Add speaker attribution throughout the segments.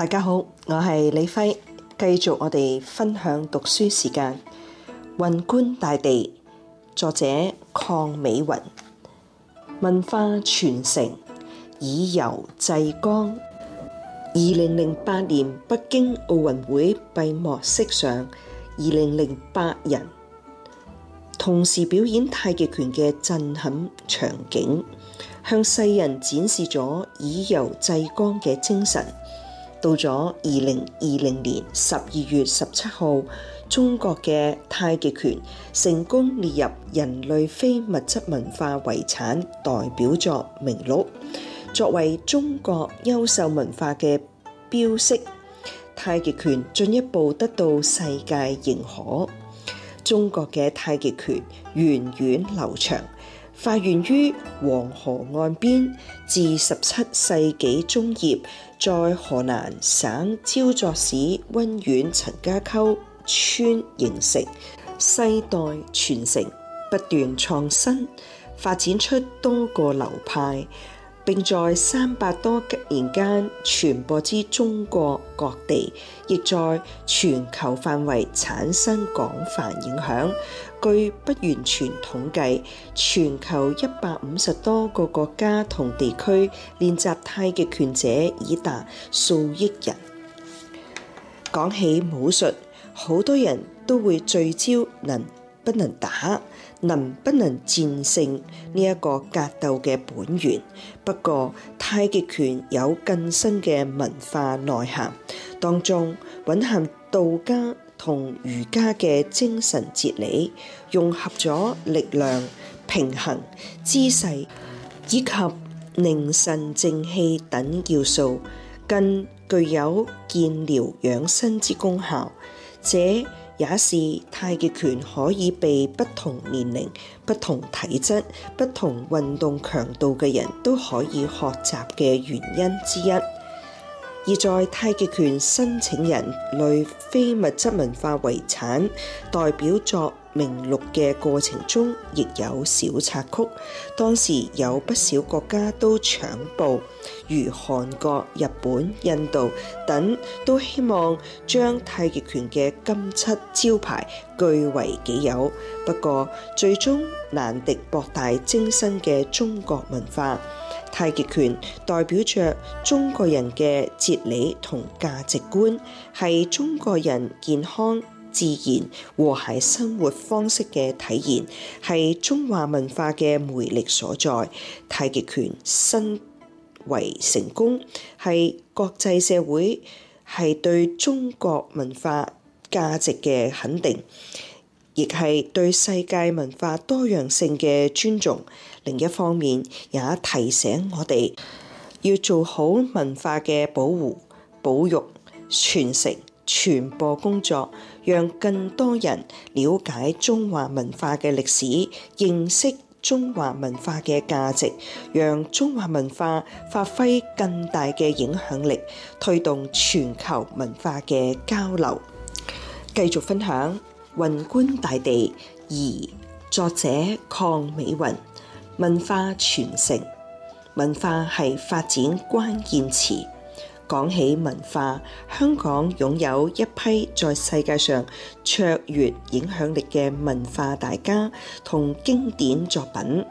Speaker 1: 大家好，我係李輝，繼續我哋分享讀書時間。雲觀大地，作者鄺美雲，文化傳承以柔制剛。二零零八年北京奧運會閉幕式上，二零零八人同時表演太極拳嘅震撼場景，向世人展示咗以柔制剛嘅精神。到咗二零二零年十二月十七號，中國嘅太極拳成功列入人類非物質文化遺產代表作名錄，作為中國優秀文化嘅標識，太極拳進一步得到世界認可。中國嘅太極拳源遠流長。發源於黃河岸邊，自十七世紀中葉在河南省焦作市溫縣陳家溝村形成，世代傳承，不斷創新，發展出多個流派，並在三百多年間傳播至中國各地，亦在全球範圍產生廣泛影響。據不完全統計，全球一百五十多個國家同地區練習太極拳者已達數億人。講起武術，好多人都會聚焦能不能打，能不能戰勝呢一個格鬥嘅本源。不過太極拳有更深嘅文化內涵，當中蘊含道家。同儒家嘅精神哲理融合咗力量、平衡、姿勢以及凝神靜氣等要素，更具有健療養生之功效。這也是太極拳可以被不同年齡、不同體質、不同運動強度嘅人都可以學習嘅原因之一。而在太極拳申請人類非物質文化遺產代表作名錄嘅過程中，亦有小插曲。當時有不少國家都搶報，如韓國、日本、印度等，都希望將太極拳嘅金漆招牌據為己有。不過，最終難敵博大精深嘅中國文化。太極拳代表着中國人嘅哲理同價值觀，係中國人健康、自然、和諧生活方式嘅體現，係中華文化嘅魅力所在。太極拳申遺成功，係國際社會係對中國文化價值嘅肯定。亦係對世界文化多樣性嘅尊重，另一方面也提醒我哋要做好文化嘅保護、保育、傳承、傳播工作，讓更多人了解中華文化嘅歷史，認識中華文化嘅價值，讓中華文化發揮更大嘅影響力，推動全球文化嘅交流。繼續分享。雲觀大地，而作者鄺美雲，文化傳承，文化係發展關鍵詞。講起文化，香港擁有一批在世界上卓越影響力嘅文化大家同經典作品，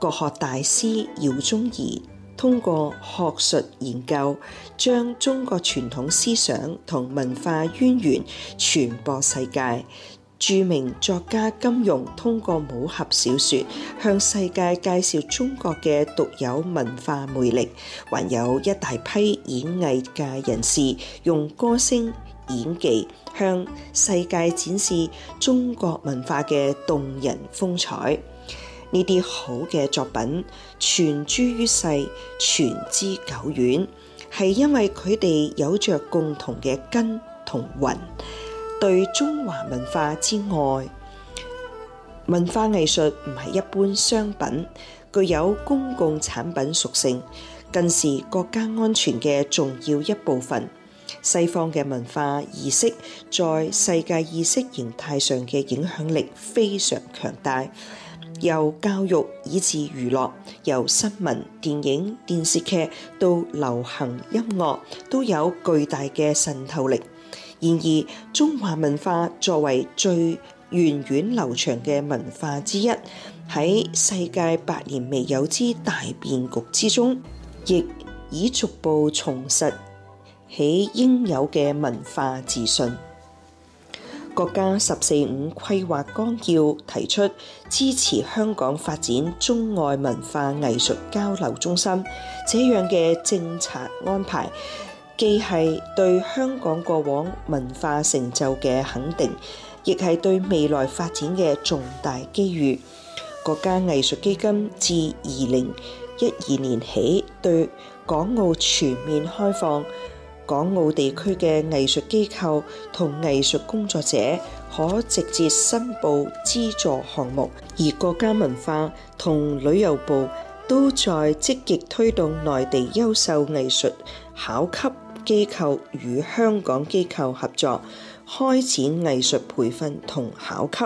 Speaker 1: 國學大師饒宗頤。通過學術研究，將中國傳統思想同文化淵源傳播世界。著名作家金庸通過武俠小說向世界介紹中國嘅獨有文化魅力，還有一大批演藝界人士用歌聲、演技向世界展示中國文化嘅動人風采。呢啲好嘅作品傳諸於世，傳之久遠，係因為佢哋有着共同嘅根同魂。對中華文化之愛，文化藝術唔係一般商品，具有公共產品屬性，更是國家安全嘅重要一部分。西方嘅文化意識，在世界意識形態上嘅影響力非常強大。由教育以至娛樂，由新聞、電影、電視劇到流行音樂，都有巨大嘅滲透力。然而，中華文化作為最源遠流長嘅文化之一，喺世界百年未有之大變局之中，亦已逐步重拾起應有嘅文化自信。國家十四五規劃綱要提出支持香港發展中外文化藝術交流中心，這樣嘅政策安排，既係對香港過往文化成就嘅肯定，亦係對未來發展嘅重大機遇。國家藝術基金自二零一二年起對港澳全面開放。港澳地區嘅藝術機構同藝術工作者可直接申報資助項目，而國家文化同旅遊部都在積極推動內地優秀藝術考級機構與香港機構合作，開展藝術培訓同考級。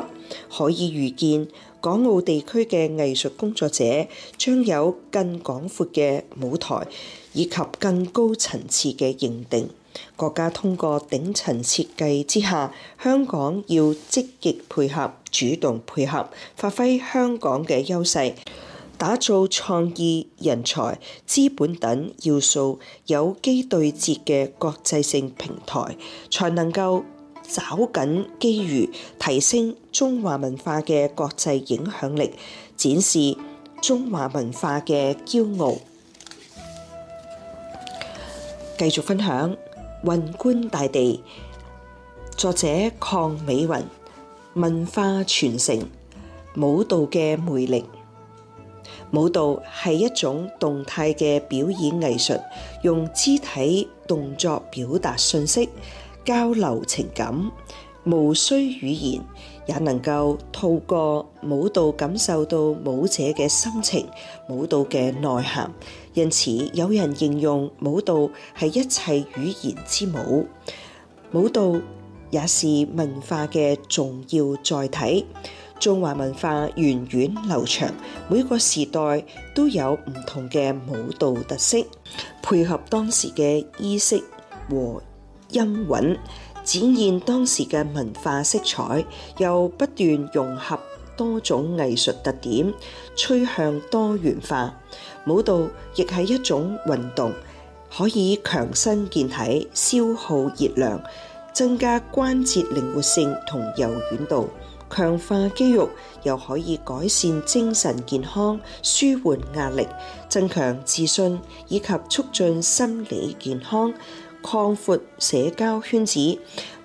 Speaker 1: 可以預見，港澳地區嘅藝術工作者將有更廣闊嘅舞台，以及更高層次嘅認定，國家通過頂層設計之下，香港要積極配合、主動配合，發揮香港嘅優勢，打造創意、人才、資本等要素有機對接嘅國際性平台，才能夠抓緊機遇，提升中華文化嘅國際影響力，展示中華文化嘅驕傲。繼續分享《雲觀大地》，作者鄺美雲。文化傳承，舞蹈嘅魅力。舞蹈係一種動態嘅表演藝術，用肢體動作表達信息、交流情感，無需語言。也能夠透過舞蹈感受到舞者嘅心情、舞蹈嘅內涵，因此有人形容舞蹈係一切語言之舞。舞蹈也是文化嘅重要載體。中華文化源遠流長，每個時代都有唔同嘅舞蹈特色，配合當時嘅衣飾和音韻。展現當時嘅文化色彩，又不斷融合多種藝術特點，趨向多元化。舞蹈亦係一種運動，可以強身健體、消耗熱量、增加關節靈活性同柔軟度、強化肌肉，又可以改善精神健康、舒緩壓力、增強自信以及促進心理健康。擴闊社交圈子，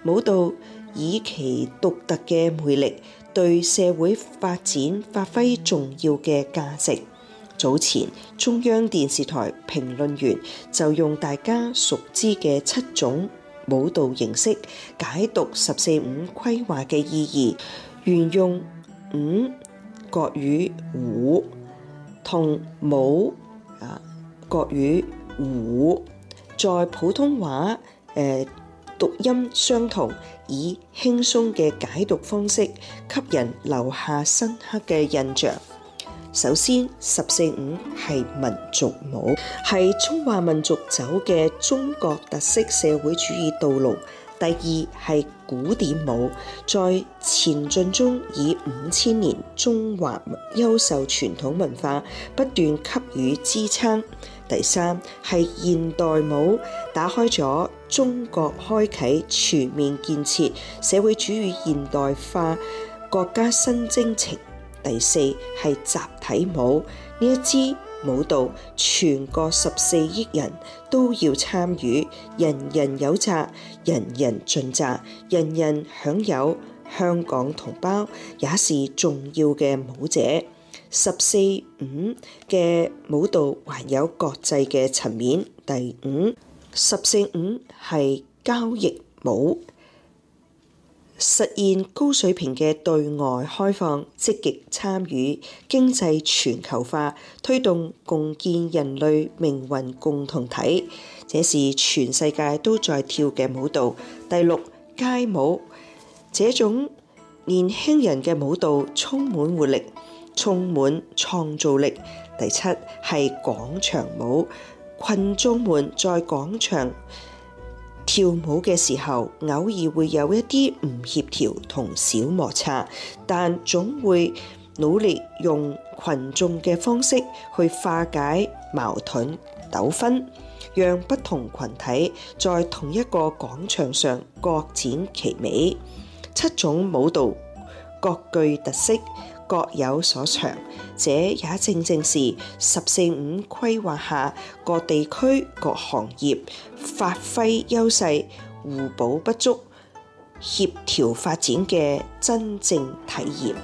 Speaker 1: 舞蹈以其獨特嘅魅力對社會發展發揮重要嘅價值。早前中央電視台評論員就用大家熟知嘅七種舞蹈形式解讀十四五規劃嘅意義，沿用五、嗯、國語胡」同舞啊國語胡」。在普通話誒、呃、讀音相同，以輕鬆嘅解讀方式，給人留下深刻嘅印象。首先，十四五係民族舞，係中華民族走嘅中國特色社會主義道路。第二係古典舞，在前進中以五千年中華優秀傳統文化不斷給予支撐。第三係現代舞，打開咗中國開啓全面建設社會主義現代化國家新征程。第四係集體舞呢一支舞蹈，全國十四億人都要參與，人人有責，人人盡責，人人享有。香港同胞也是重要嘅舞者。十四五嘅舞蹈，還有國際嘅層面。第五，十四五係交易舞。實現高水平嘅對外開放，積極參與經濟全球化，推動共建人類命運共同體，這是全世界都在跳嘅舞蹈。第六，街舞，這種年輕人嘅舞蹈充滿活力，充滿創造力。第七，係廣場舞，群眾們在廣場跳舞嘅時候，偶爾會有一啲唔協調同小摩擦，但總會努力用群眾嘅方式去化解矛盾、糾紛，讓不同群體在同一個廣場上各展其美。七種舞蹈各具特色。各有所長，這也正正是十四五規劃下各地區各行業發揮優勢、互補不足、協調發展嘅真正體驗。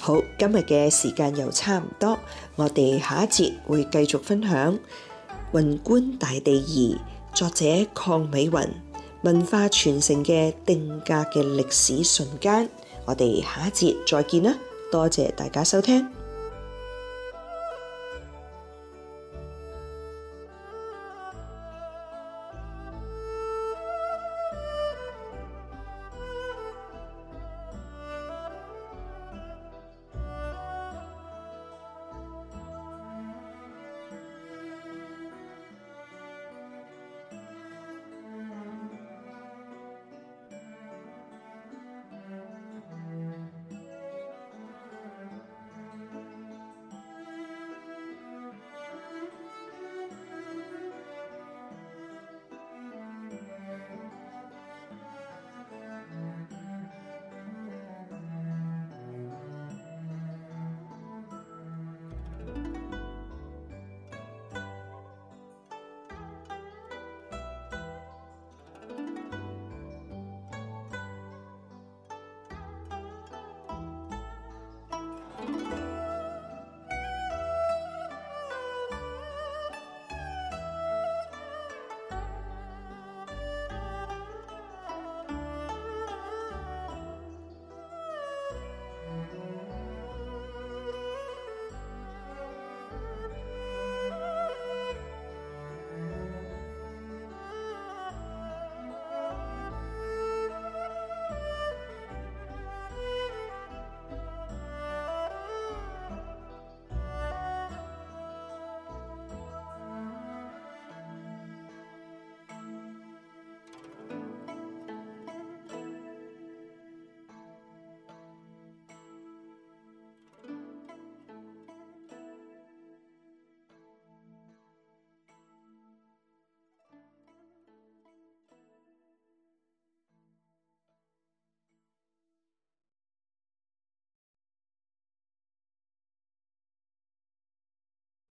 Speaker 1: 好，今日嘅時間又差唔多，我哋下一節會繼續分享《雲觀大地二》，作者鄺美雲文化傳承嘅定格嘅歷史瞬間。我哋下一節再見啦！多謝大家收聽。